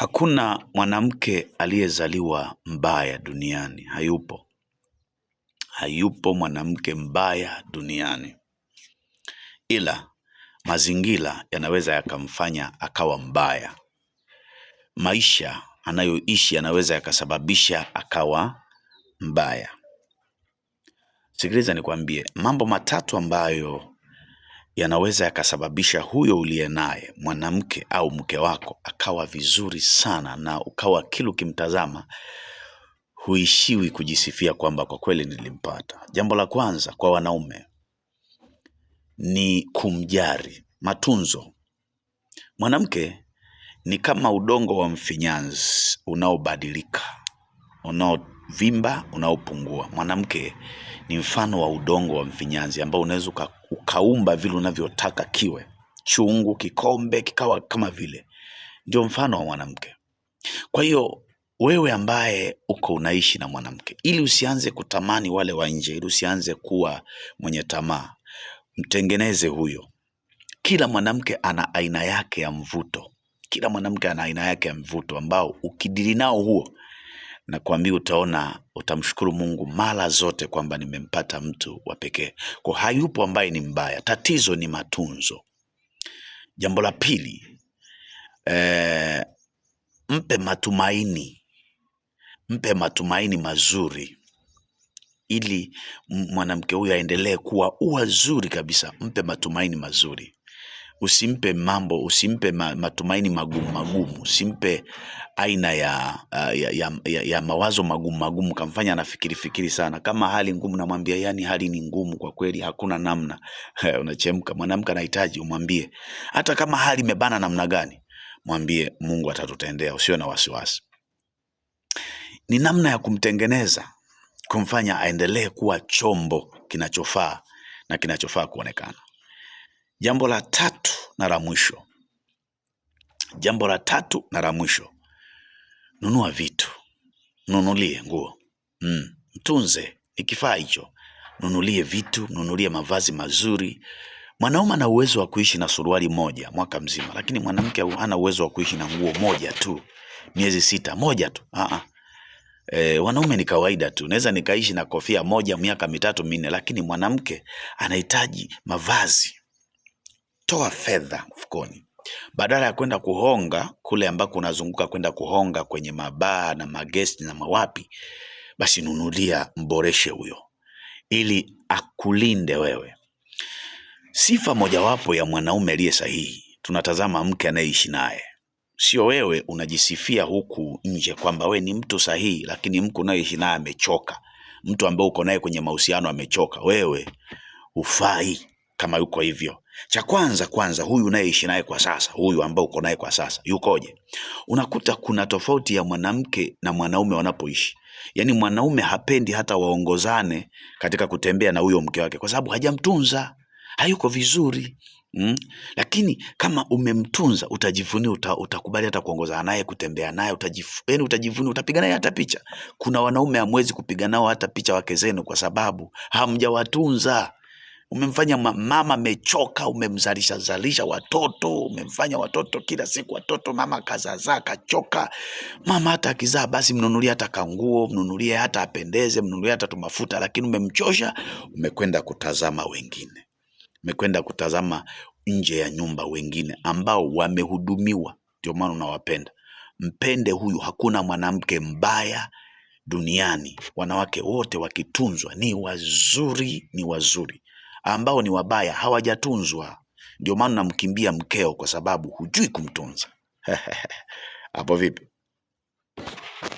Hakuna mwanamke aliyezaliwa mbaya duniani, hayupo. Hayupo mwanamke mbaya duniani, ila mazingira yanaweza yakamfanya akawa mbaya. Maisha anayoishi yanaweza yakasababisha akawa mbaya. Sikiliza nikwambie mambo matatu ambayo yanaweza yakasababisha huyo uliye naye mwanamke au mke wako akawa vizuri sana, na ukawa kilu kimtazama huishiwi kujisifia kwamba kwa kweli nilimpata. Jambo la kwanza kwa wanaume ni kumjari, matunzo. Mwanamke ni kama udongo wa mfinyanzi unaobadilika unao vimba unaopungua. Mwanamke ni mfano wa udongo wa mfinyanzi ambao unaweza ukaumba vile unavyotaka kiwe, chungu, kikombe kikawa kama vile. Ndio mfano wa mwanamke. Kwa hiyo wewe ambaye uko unaishi na mwanamke, ili usianze kutamani wale wa nje, ili usianze kuwa mwenye tamaa, mtengeneze huyo. Kila mwanamke ana aina yake ya mvuto, kila mwanamke ana aina yake ya mvuto ambao ukidili nao huo kuambia utaona, utamshukuru Mungu mara zote kwamba nimempata mtu wa pekee. Kwa hayupo ambaye ni mbaya, tatizo ni matunzo. Jambo la pili, e, mpe matumaini, mpe matumaini mazuri ili mwanamke huyu aendelee kuwa ua zuri kabisa. Mpe matumaini mazuri usimpe mambo, usimpe matumaini magumu magumu, usimpe aina ya, uh, ya, ya, ya, ya mawazo magumu magumu, kamfanya anafikiri fikiri sana. Kama hali ngumu, namwambia yani, hali ni ngumu kwa kweli, hakuna namna. Unachemka, mwanamke anahitaji umwambie, hata kama hali imebana namna gani, mwambie Mungu atatutendea, usiwe na wasiwasi. Ni namna ya kumtengeneza, kumfanya aendelee kuwa chombo kinachofaa na kinachofaa kuonekana. Jambo la tatu na la mwisho, jambo la tatu na la mwisho, nunua vitu, nunulie nguo mm. Mtunze ni kifaa hicho, nunulie vitu, mnunulie mavazi mazuri. Mwanaume ana uwezo wa kuishi na suruali moja mwaka mzima, lakini mwanamke hana uwezo wa kuishi na nguo moja tu miezi sita, moja tu a E, eh, wanaume ni kawaida tu, naweza nikaishi na kofia moja miaka mitatu minne, lakini mwanamke anahitaji mavazi toa fedha mfukoni badala ya kwenda kuhonga kule ambako unazunguka kwenda kuhonga kwenye mabaa na magesti na mawapi, basi nunulia mboreshe huyo, ili akulinde wewe. Sifa mojawapo ya mwanaume aliye sahihi, tunatazama mke anayeishi naye, sio wewe unajisifia huku nje kwamba wewe ni mtu sahihi, lakini mke unayeishi naye amechoka, mtu ambaye uko naye kwenye mahusiano amechoka. Wewe hufai kama yuko hivyo. Cha kwanza kwanza, huyu unayeishi naye kwa sasa, huyu ambao uko naye kwa sasa yukoje? Unakuta kuna tofauti ya mwanamke na mwanaume wanapoishi. Yaani mwanaume hapendi hata waongozane katika kutembea na huyo mke wake, kwa sababu hajamtunza, hayuko vizuri. Mm. Lakini kama umemtunza utajivunia, uta, utakubali hata kuongozana naye, kutembea naye, yaani utajivunia, utapiga naye hata picha. Kuna wanaume hamwezi kupiga nao hata picha wake zenu, kwa sababu hamjawatunza. Umemfanya mama amechoka, umemzalisha zalisha watoto, umemfanya watoto kila siku watoto, mama kazazaa kachoka. Mama hata akizaa basi mnunulie hata kanguo, mnunulie hata apendeze, mnunulie hata tumafuta, lakini umemchosha, umekwenda kutazama wengine, umekwenda kutazama nje ya nyumba wengine ambao wamehudumiwa. Ndio maana unawapenda. Mpende huyu, hakuna mwanamke mbaya duniani. Wanawake wote wakitunzwa ni wazuri, ni wazuri ambao ni wabaya, hawajatunzwa. Ndio maana namkimbia mkeo, kwa sababu hujui kumtunza. Hapo vipi?